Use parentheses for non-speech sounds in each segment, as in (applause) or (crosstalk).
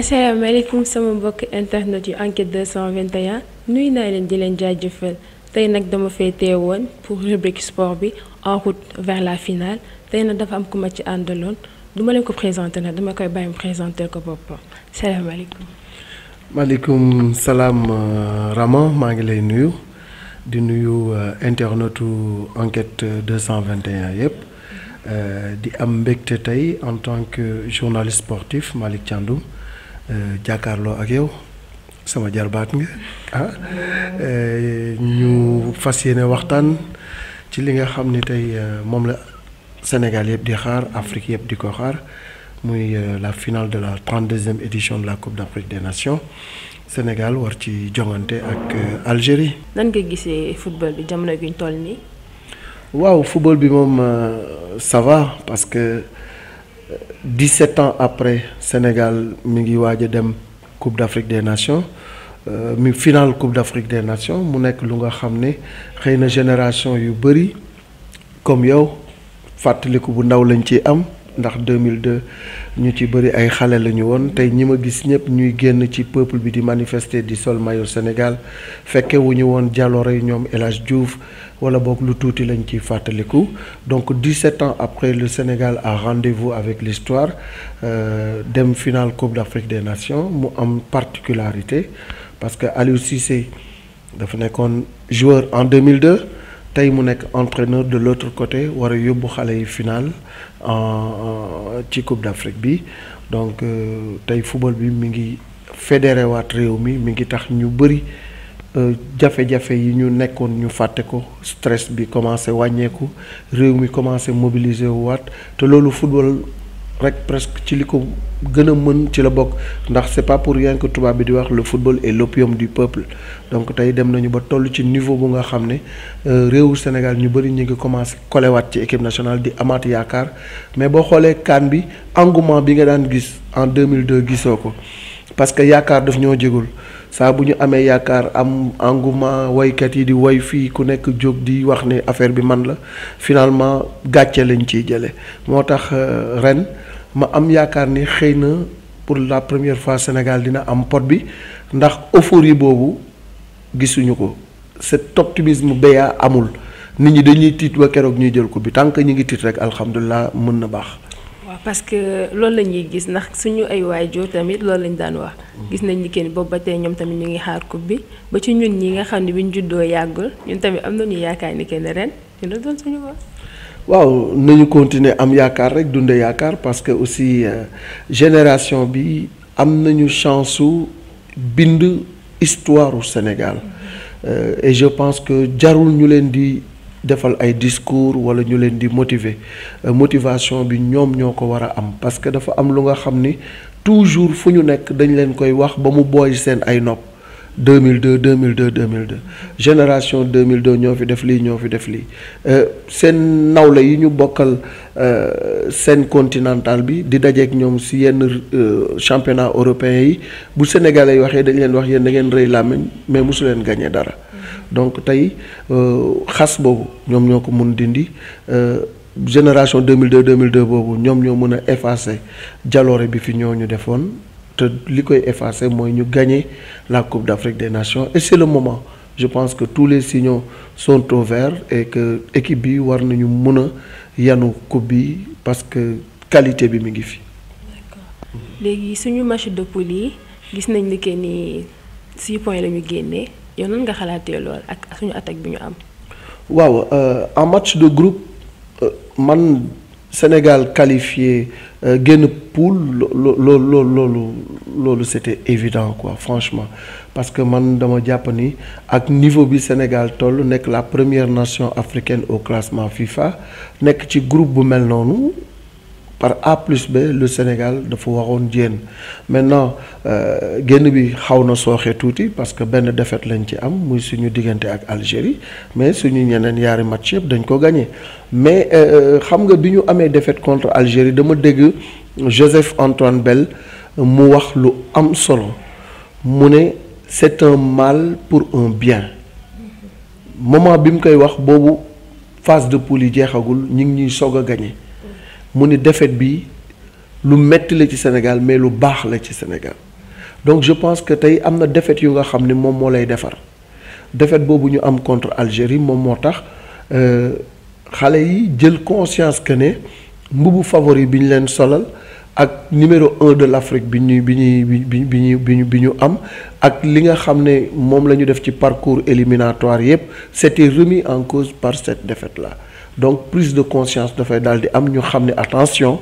asalaamaaleykum sama mbokk internet yu enquête 221 nuyu naa leen di leen jaajëfal tey nag dama fee teewoon pour rubrique sport bi en route vers la finale tey nag dafa am ku ma ci àndaloon du ma leen ko présenté nag dama koy bàyyi mu présenté ko boppam salaamaaleykum. maaleykum salaam euh, Rama maa ngi lay nuyu di nuyu euh, internetu enquête 221 yëpp euh, di am mbégte tey en tant que journaliste sportif Malick Thiandoum. jàkkaarloo ak yow sama jarbaat nga ah. ñu fas yéene waxtaan ci li nga xam ni tey euh, moom la Sénégal yëpp di xaar Afrique yëpp di ko xaar muy euh, la finale de la trente-deuxième édition de la Coupe d'Afrique des Nations Sénégal war ci joŋante ak euh, Algérie. nan nga gisee football bi jamono gi toll nii. waaw football bi moom ça va parce que. 17 ans après Sénégal mi ngi waaj a dem Coupe d'Afrique des Nations euh, mi finale Coupe d'Afrique des nation mu nekk lu nga xam ne xëy na génération yu bëri comme yow fàttaliku bu ndaw lañ ci am ndax 2002 ñu ci bëri ay xale la ñu woon tey ñi ma gis ñëpp ñuy génn ci peuple bi di manifester di sol maillot Sénégal fekkewuñu woon jaloore yi ñoom El Hadj wala boog lu tuuti lañ ciy fàttaliku donc 17 ans après le Sénégal a rendez-vous avec l'histoire euh, dem finale Coupe d'Afrique des Nations mu am particularité parce que Aliou Cissé dafa nekkoon joueur en 2002 tey mu nekk entraîneur de l'autre côté war a yóbbu xale yi final ci Coupe d'Afrique bi donc euh, tey football bi mi ngi fédéré réew mi mi ngi tax ñu bëri euh, jafe-jafe yi ñu nekkoon ñu fàtte ko stress bi commencé wàññeeku réew mi commencé mobiliser wu waat te loolu football rek presque ci li ko gën a mën ci la bokk ndax c'est pas pour rien tubaab bi di wax le football est l'opium du peuple donc tey dem nañu ba toll ci niveau bu nga xam ne euh, réewu Sénégal ñu bëri ñu ngi commencé kolewaat ci équipe nationale di amaat yaakaar mais boo xoolee kaan bi engouement bi nga daan gis en deux mille 2002 gisoo ko parce que yaakaar daf ñoo jégul saa bu ñu amee yaakaar am engouement woykat yi di woy fii ku nekk jóg di wax ne affaire bi man la finalement gàcce lañ ci jële moo tax euh, ren ma am yaakaar ni xëy na pour la première fois Sénégal dina am pot bi ndax euphorie boobu gisuñu ko cet optimisme béyaa amul nit ñi dañuy tiit wa keroog ñuy jël ko bi tant que ñu ngi tiit rek alhamdulilah mën na baax parce que loolu la ñuy gis ndax suñu ay waajur tamit loolu lañ daan wax. gis nañ ni kenn boobu ba tey ñoom tamit ñu ngi xaar coupe bi ba ci ñun ñi nga xam ne bi ñu juddoo yàggul ñun tamit am nañu yaakaar ni kenn ren ñu doon suñu wax. waaw nañu continuer am yaakaar rek dunde yaakaar parce que aussi euh, génération bi am nañu chance su bind histoire Sénégal euh, et je pense que jarul ñu leen di. defal ay discours wala ñu leen di motiver euh, motivation bi ñoom ñoo ko war a am parce que dafa am lu nga xam ni toujours fu ñu nekk dañ leen koy wax ba mu booy seen ay nopp 2002 2002 2002 génération 2002 ñoo fi def lii ñoo fi def lii euh, seen nawle yi ñu bokkal euh, seen continental bi di dajeek ñoom si yenn championnat européen yi bu sénégalais yi waxee dañ leen wax yéen da ngeen rëy làmmiñ mais mosu leen gagné dara. donc tey euh, xas boobu ñoom ñoo ko mun dindi euh, génération 2002 2002 boobu ñoom ñoo mën a effacer jaloore bi fi ñoo ñu defoon te li koy effacer mooy ñu gagner la Coupe d'Afrique des nation et c'est le moment je pense que tous les signaux sont au vert et que équipe bi war nañu mën a yanu coupe bi parce que qualité bi mi ngi fi. d'accord léegi suñu match de poule yi gis nañ ni que ni six points la ñu génnee. yow nan nga xalaatee lool ak suñu attaque bi ñu am. waaw euh, en match de groupe euh, man Sénégal qualifié euh, génn poule loolu loolu loolu c'était évident quoi franchement parce que man dama jàpp ni ak niveau bi Sénégal toll nekk la première nation africaine au classement FIFA nekk ci groupe bu mel noonu. par A plus B lu Sénégal dafa waroon jéen maintenant euh, génn bi xaw na sooxe tuuti parce que benn défaite lañ ci am muy suñu diggante ak Algérie mais suñu ñeneen yaari match yëpp dañ ko gagné mais euh, euh, xam nga bi ñu amee défaite contre Algérie dama dégg Joseph Antoine belle mu wax lu am solo mu ne c'est un mal pour un bien moment bi mu koy wax boobu phase de poule yi jeexagul ñu ngi ñuy soog a gagné. mu ni défaite bi lu metti la ci Sénégal mais lu baax la ci Sénégal donc je pense que tey am na défaite yu nga xam ni moom moo lay defar défaite boobu ñu am contre Algérie moom moo tax euh, xale yi jël conscience que ne mbubu favori bi ñu leen solal ak numéro un de l'Afrique bi ñu bi ñuy bi bi bi bi ñu am ak li nga xam ne moom la ñu def ci parcours éliminatoire yépp c'était remis en cause par cette défaite la donc prise de conscience dafay daal di am ñu xam ne attention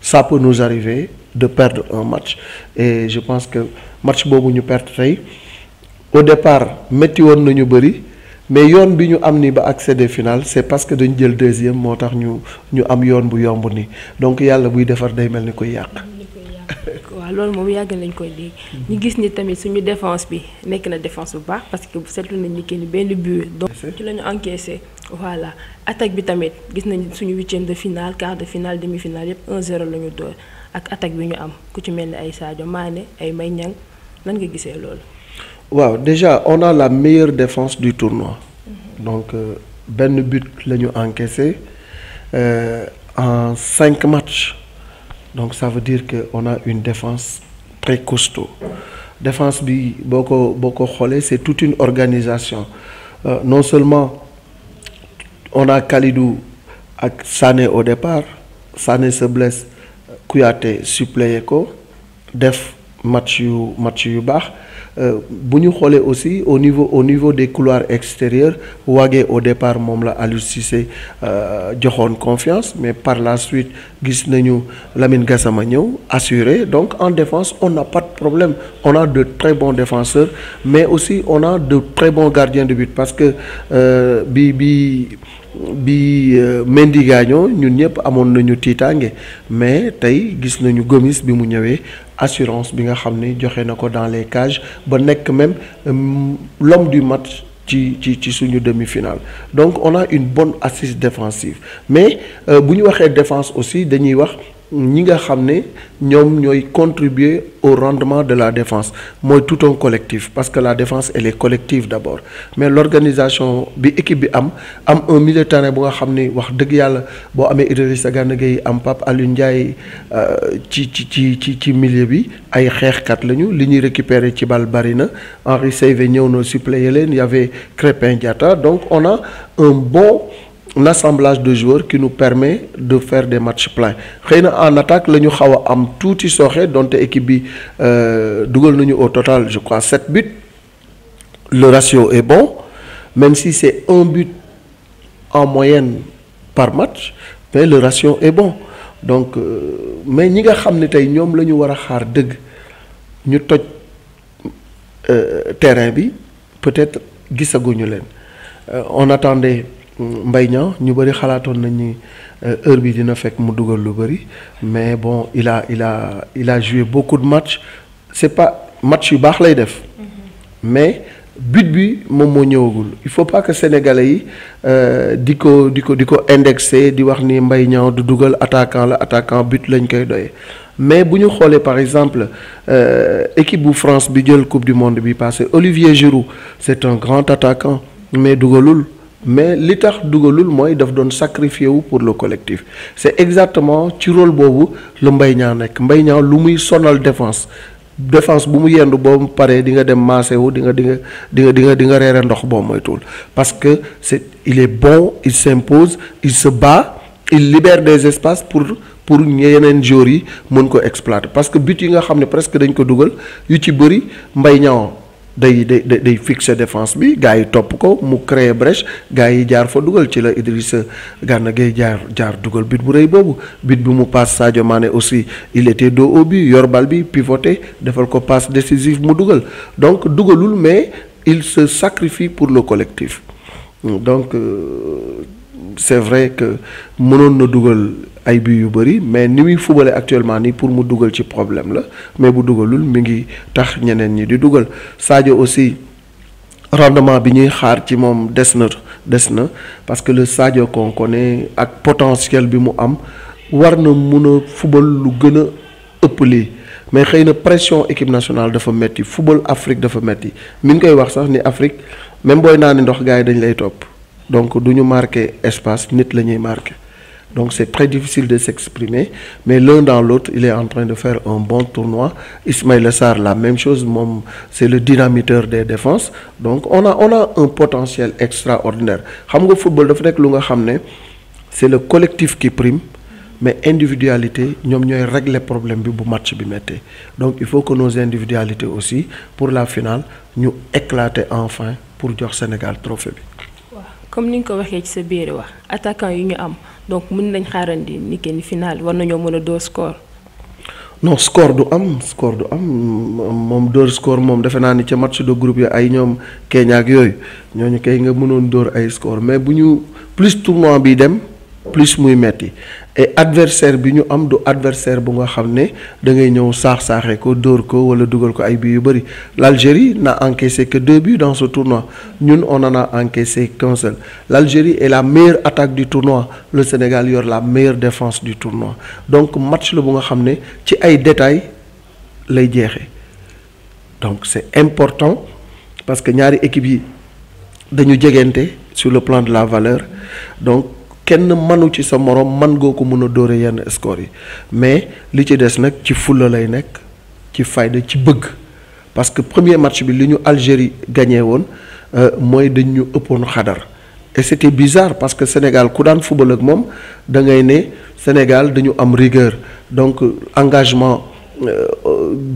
ça peut nous arriver de perdre un match et je pense que match boobu ñu perdre tey au départ métti woon nañu bëri mais yoon bi ñu am ni ba accéder final c'est parce que dañu jël deuxième moo tax ñu ñu am yoon bu yomb nii donc yàlla buy defar day mel ni koy yàq. loolu moom yàgg nañ koy dégg. ñu gis ni tamit suñu défense bi nekk na défense bu baax parce que setu nañ ni kenn benn but. donc ci la ñu encaissé voilà attaque bi tamit gis nañ suñu huitième de finale finale demi finale yëpp 1-0 la ñu door ak attaque bi ñu am ku ci mel ni ay Sadio Mané ay May Niang nan nga gisee loolu. waaw déjà on a la meilleure défense du tournoi. Mhm. donc euh, benn but la ñu encaissé euh, en cinq matchs. donc ça veut dire que on a une défense très costaud bi boo ko boo ko xoolee c'est toute une organisation euh, non seulement on a Kalidou ak Sané au départ Sané se blesse Kouyaté suppléé ko def match yu match yu baax Euh, bu ñu xoolee aussi au niveau au niveau des couloirs extérieurs Wagué au départ moom la Aliou Cissé euh, joxoon confiance mais par la suite gis nañu Lamine Gassama ñëw assuré donc en défence on n'a pas problème on a de très bon défenseurs mais aussi on a de très bons gardiens de but parce que euh, bi bi bi Mendy gaañoo ñun ñëpp amoon nañu tiitaange mais tey gis nañu Gomis bi mu ñëwee assurance bi nga xam ni joxe na ko dans les cages ba nekk même euh, l'homme du match ci ci ci suñu demi-finale donc on a une bonne assise défensive mais euh, bu ñu waxee défense aussi dañuy wax ñi nga xam ne ñoom ñooy contribuer au rendement de la défense mooy tout un collectif parce que la défence elle est collective d'abord mais l'organisation bi équipe bi am am un milieu terrain bu nga xam ne wax dëgg yàlla boo amee Idrissa Gana Gueye am pap Alioune Ndiaye euh, ci ci ci ci ci milieu bi ay xeexkat lañu li ñuy récupérer ci bal bari na Henri Saivet noo na suppléer leen y avait Crépin donc on un bon l'assemblage de joueurs qui nous permet de faire des matchs pleins xëy na en attaque la ñu xaw a am tuuti sooxe donte équipe bi euh, dugal nañu au total je crois sept buts le ratio et bon même si c'est un but en moyenne par match mais le ratio et bon donc euh, mais ñi nga xam ni tey ñoom la ñu war a xaar dëgg ñu toj euh, terrain bi peut-être gisaguñu leen euh, on attendait mbay Niang ñu bëri xalaatoon nañ ni euh, heure bi dina fekk mu dugal lu bëri mais bon il a il a il a joué beaucoup de c'est pas match yu baax lay def. Mm-hmm. mais but bi moom moo ñëwagul il faut pas que sénégalais yi euh, di ko di ko di ko indexé di wax ni Mbaye Niang du dugal attaquant la attaquant but lañ koy doyee mais bu ñu xoolee par exemple euh, équipe bu France bi jël coupe du monde bi passé Olivier Giroud c'est un grand attaquant mais dugalul. mais li tax dugalul mooy daf doon sacrifié wu pour le collectif c'est exactement ci role boobu la mbay Niang nekk Mbaye Niang lu muy sonal défense defence bu mu yendu boo paree di nga dem maase wu di nga di nga di nga di nga di reere ndox boo moytuwul parce que c'est il est bon il s'impose il se bat il libère des espaces pour pour yeneen joueurs yi mën ko exploiter parce que bit yi nga xam ne presque dañ ko dugal yu ci bëri mbay Niang day day day fixer défense bi gars yi topp ko mu créer brèche gars yi jaar fa dugal ci la Idrissa Gana gee jaar jaar dugal bit bu rëy boobu bit bi mu passe Sadio maane aussi il était dos au but yor bal bi pivoté defal ko passe décisive mu dugal donc dugalul mais il se sacrifie pour le collectif donc. Euh, c'est vrai que mënoon na dugal ay bi yu bëri mais ni muy fubale actuellement nii pour mu dugal ci problème la mais bu dugalul mi ngi tax ñeneen ñi di dugal saajo aussi rendement bi ñuy xaar ci moom des na des na parce que le Sadio qu'on connaît ak potentiel bi mu am war na mun a fubal lu gën a ëpp lii mais xëy na pression équipe nationale dafa metti fubal Afrique dafa metti mi ngi koy wax sax ni Afrique même booy naa ne ndox gars yi dañ lay topp. donc du ñu marqué espace nit la ñuy marqué donc c'est très difficile de s'exprimer mais l'un dans l'autre il est en train de faire un bon tournoi Ismaïla Sarr la même chose moom c'est le dynamiteur des défenses donc on a on a un potentiel extraordinaire xam nga football dafa nekk lu nga xam ne c'est le collectif qui prime mais individualité ñoom ñooy régler problème bi bu match bi méttee donc il faut que nos individualités aussi pour la finale ñu éclater enfin pour jox Sénégal trophée bi comme ni nga ko waxee ci sa biir wax attaquant yu ñu am donc mën nañ xaarandi ni kenn final war nañoo mën a door score. non score du am score du am moom dóor score moom defe naa ni ca match de groupe yi ay ñoom Kenya ak yooyu ñooñu kay nga mënoon dóor ay score mais bu ñu plus tournoi bi dem plus muy metti et adversaire bi ñu am du adversaire bu nga xam ne dangay ñëw saax saaxe ko dóor ko wala dugal ko ay buts yu bëri l'Algérie n'a encaissé que deux buts dans ce tournoi ñun on na a encaissé qu'un seul l'Algérie et la meilleure attaque du tournoi le Sénégal yor la meilleure défense du tournoi donc match la bu nga xam ne ci ay détails lay jeexe donc c'est important parce que ñaari équipe yi dañu jegante sur le plan de la valeur donc kenn mënu ci sa moroom man ngoo ko mën a dóore yenn score yi mais li ci des nag ci fulla lay nekk ci fayda ci bëgg parce que premier match bi li ñu Algérie gagné woon euh, mooy dañ ñu ëppoon xadar et c'était parce que Sénégal ku daan football ak moom da ngay ne Sénégal dañu am rigueur donc engagement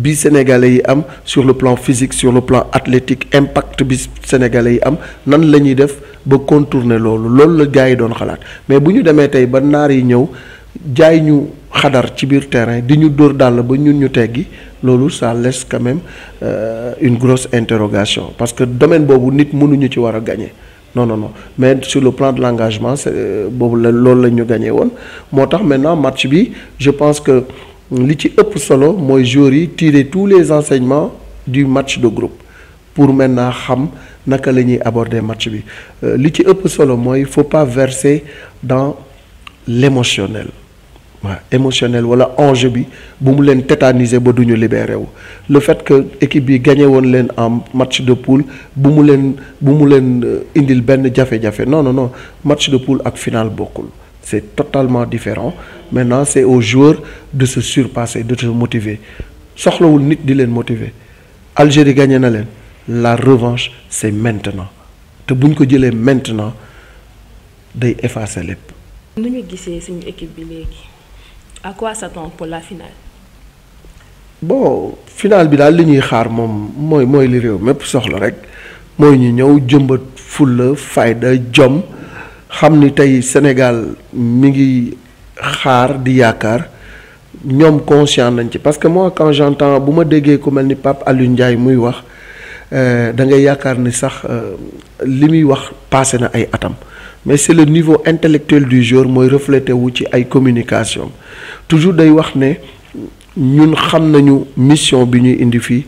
bi sénégalais yi am sur le plan physique sur le plan athlétique impact bi sénégalais yi am nan la ñuy def ba contourner loolu loolu la gars yi doon xalaat mais bu ñu demee tey ba naar yi ñëw jaay ñu xadar ci biir terrain di ñu dóor dàll ba ñun ñu teggi loolu ça laisse quand euh, une grosse interrogation parce que domaine boobu nit mënuñu ci war a gagner non non mais sur le plan de l'engagement c'est euh, boobu la loolu la ñu gagné woon moo tax maintenant match bi je pense que li ci ëpp solo mooy joueurs yi tirer tous les enseignements du match de group pour maintenant xam naka la ñuy aborder match bi euh, li ci ëpp solo mooy faut pas verser dans l'émotionnel waaw émotionnel wala enjeu bi bu mu leen tétaniser ba du ñu libéré wu le fait que équipe bi gagné woon leen en match de poule bu mu leen bu mu leen euh, indil benn jafe-jafe non non match de poule ak final bokkul. C'est totalement différent. Maintenant, c'est aux joueurs de se surpasser, de se motiver. soxlawul nit di leen motiver Algérie gagné na leen la revanche c'est maintenant te bu ñu ko jëlee maintenant day effacer lépp. nu ñu gisee suñu équipe bi léegi à quoi s'attend pour la finale. bon finale bi daal li ñuy xaar moom mooy mooy li réew mépp soxla rek mooy ñu ñëw jëmbat fulla fayda jom. xam ni tey Sénégal mi ngi xaar di yaakaar ñoom conscient nañ ci parce que moi quand j'entends bu ma déggee ku mel ni pap Alioune Ndiaye muy wax euh, da ngay yaakaar ni sax euh, li muy wax passé na ay atam mais c'est le niveau intellectuel du jour mooy reflété wu ci ay communication toujours day wax ne ñun xam nañu mission bi ñuy indi fii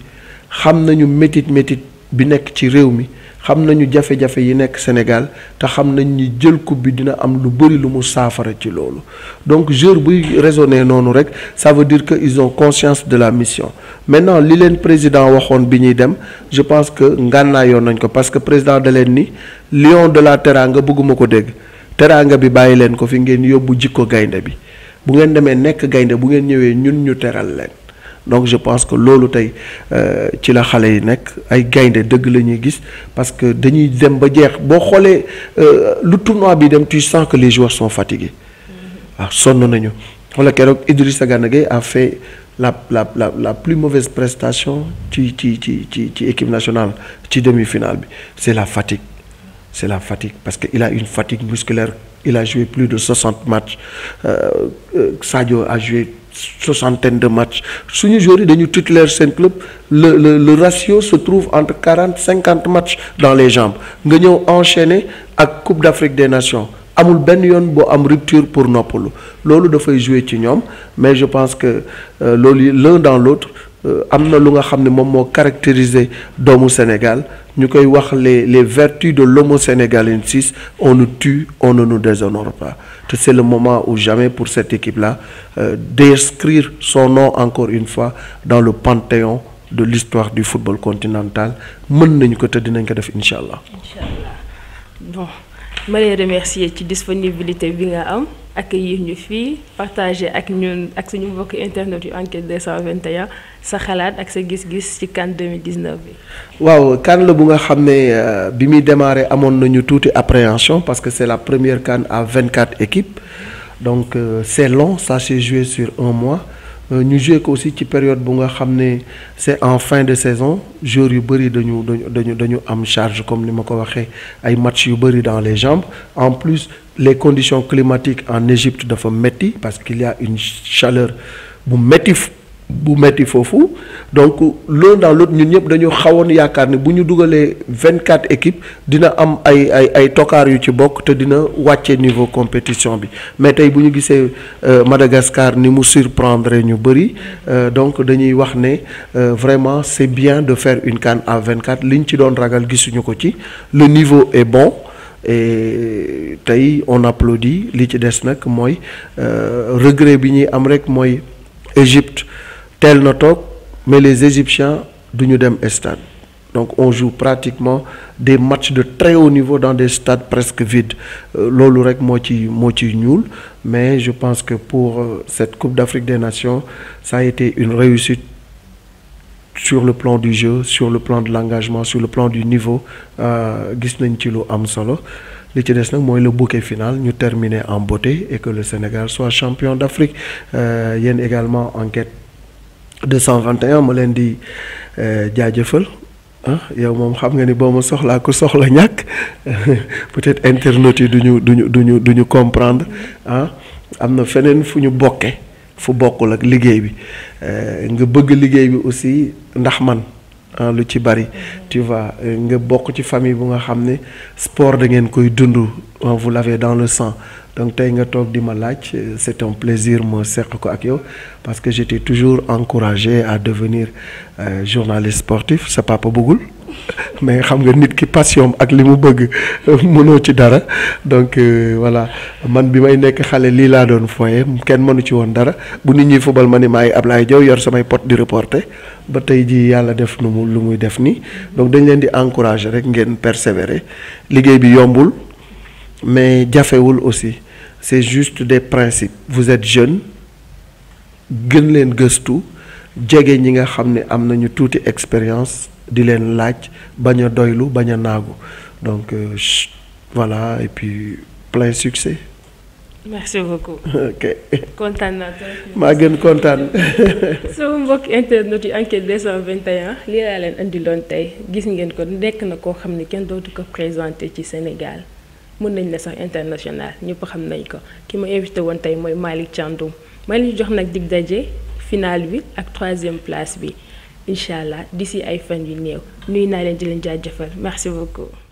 xam nañu métit métit bi nekk ci réew mi xam nañu jafe-jafe yi nekk Sénégal te xam nañ ni jël coupe bi dina am lu bëri lu mu saafara ci loolu donc joueur buy raisonné noonu rek ça veut dire que ison ont conscience de la mission maintenant li leen président waxoon bi ñuy dem je pense que ngànnaayoon nañ ko parce que président da leen ni lion de la teranga bëgguma ko dégg teranga bi bàyyi leen ko fi ngeen yóbbu jikko gaynde bi bu ngeen demee nekk gaynde bu ngeen ñëwee ñun ñu teral leen donc je pense que loolu tey euh, ci la xale yi nekk ay gaynde dëgg la ñuy gis parce que dañuy dem ba jeex boo xoolee euh, lu tournoi bi dem tu sens que les joueurs sont mm-hmm. ah, sonn nañu xoola keroog Idrissa Gana Gueye a fait la la la la plus mauvaise prestation ci ci ci ci ci équipe nationale ci demi-finale bi c'est la fatigue c'est la fatigue parce que il a une fatigue musculaire il a joué plus de 60 matchs euh, euh, Sadio a joué soixantaine de matchs suñu joueurs yi dañu titulaire seen club le le le ratio se trouve entre quarante cinquante matchs dans les jambes nga ñëw enchaîner ak Coupe d'Afrique des Nations amul benn yoon boo am rupture pour noppalu loolu dafay jouer ci ñoom mais je pense que euh, loolu l'un dans l'autre Euh, am na lu nga xam ne moom moo caractériser doomu Sénégal ñu koy wax le les vertus de l'homo sénégalensis on nous tue on ne nous déshonore pas te c'est le moment ou jamais pour cette équipe la euh, d'inscrire son nom encore une fois dans le panthéon de l'histoire du football continental mën nañu ko te dinañ ko def incha allah. ma lay remercier ci disponibilité bi nga am accueillir ñu fii partager ak ñun ak suñu mbokk internet yu enquête 221 sa xalaat ak sa gis-gis ci CAN 2019 bi. waaw CAN la bu nga xam ne euh, bi muy démarré amoon nañu tuuti appréhension parce que c'est la première CAN à 24 équipes donc euh, c'est long ça s'est joué sur un mois. Euh, ñu joué ko aussi ci période bu nga xam ne c'est en fin de saison joueurs yu bëri dañu dañu dañu am charge comme ni ma ko waxee ay match yu bëri dans les jambes en plus les conditions climatiques en Égypte dafa metti parce qu'il y a une chaleur bu metti bu metti foofu donc l'un dans l'autre ñun ñëpp dañu xawoon yaakaar ne bu ñu dugalee vingt quatre équipes dina am ay ay ay tokaar yu ci bokk te dina wàcce niveau compétition bi mais tey bu ñu gisee euh, Madagascar ni mu surprendre ñu bëri euh, donc dañuy wax ne euh, vraiment c'est bien de faire une CAN à vingt quatre liñ ci doon ragal gisuñu ko ci le niveau est bon et tey on applaudit li ci des nag mooy regret bi ñuy am rek mooy Égypte teel na toog mais les égyptiens du ñu dem stade donc on joue pratiquement des matchs de très haut niveau dans des stades presque vides euh, loolu rek moo ci moo ci ñuul mais je pense que pour euh, cette Coupe d'Afrique des Nations ça a été une réussite sur le plan du jeu sur le plan de l'engagement sur le plan du niveau euh, gis nañ ci lu am solo li ci des nag mooy le bouquet final ñu terminer en beauté et que le Sénégal soit champion d'Afrique yéen également en 221 ma leen di euh, jaajëfal ah yow moom xam nga ni boo ma soxlaa ku soxla ñàkk (laughs) peut-être internautes yi duñu duñu duñu duñu comprendre ah am na feneen fu ñu bokke fu bokkul ak liggéey bi euh, nga bëgg liggéey bi aussi ndax man ah, lu ci bari tu vois euh, nga bokk ci famille bu nga xam ne sport da ngeen koy dund vous l'avez dans le sang donc tey nga toog di ma laaj euh, c'est un plaisir ma seq ko ak yow parce que j'étais toujours encouragé à devenir euh, journaliste sportif sa papa bëggul mais xam nga nit ki passion ak li mu bëgg (laughs) mënoo ci dara donc euh, voilà man bi may nekk xale lii laa doon foye kenn mënu ci woon dara bu nit ñuy fubal ma ni maay Ablaye Diaw yor samay pot di reporter ba tey jii yàlla def nu mu lu muy def nii donc dañ leen di encourager rek ngeen persévérer liggéey bi yombul mais jafewul aussi c'est juste des principes vous êtes jeune gën leen gëstu jege ñi nga xam ne am nañu tuuti expérience di leen laaj bañ a doylu bañ a naagu donc euh, voilà et puis plein succès. merci beaucoup. (laughs) ok kontaan naa maa gën kontaan. (laughs) sama mbokk internet yi enquête 221 lii laa leen andi loon tey gis ngeen ko nekk na koo xam ne kenn dootu ko présenté ci Sénégal. mën nañ la sax international ñëpp xam nañ ko ki ma invité woon tey mooy Malick Thiandoum Malick jox nag dig daje final bi ak troisième place bi incha allah d'ici ay fan yu néew ñuy naa leen di leen jaajëfal merci beaucoup.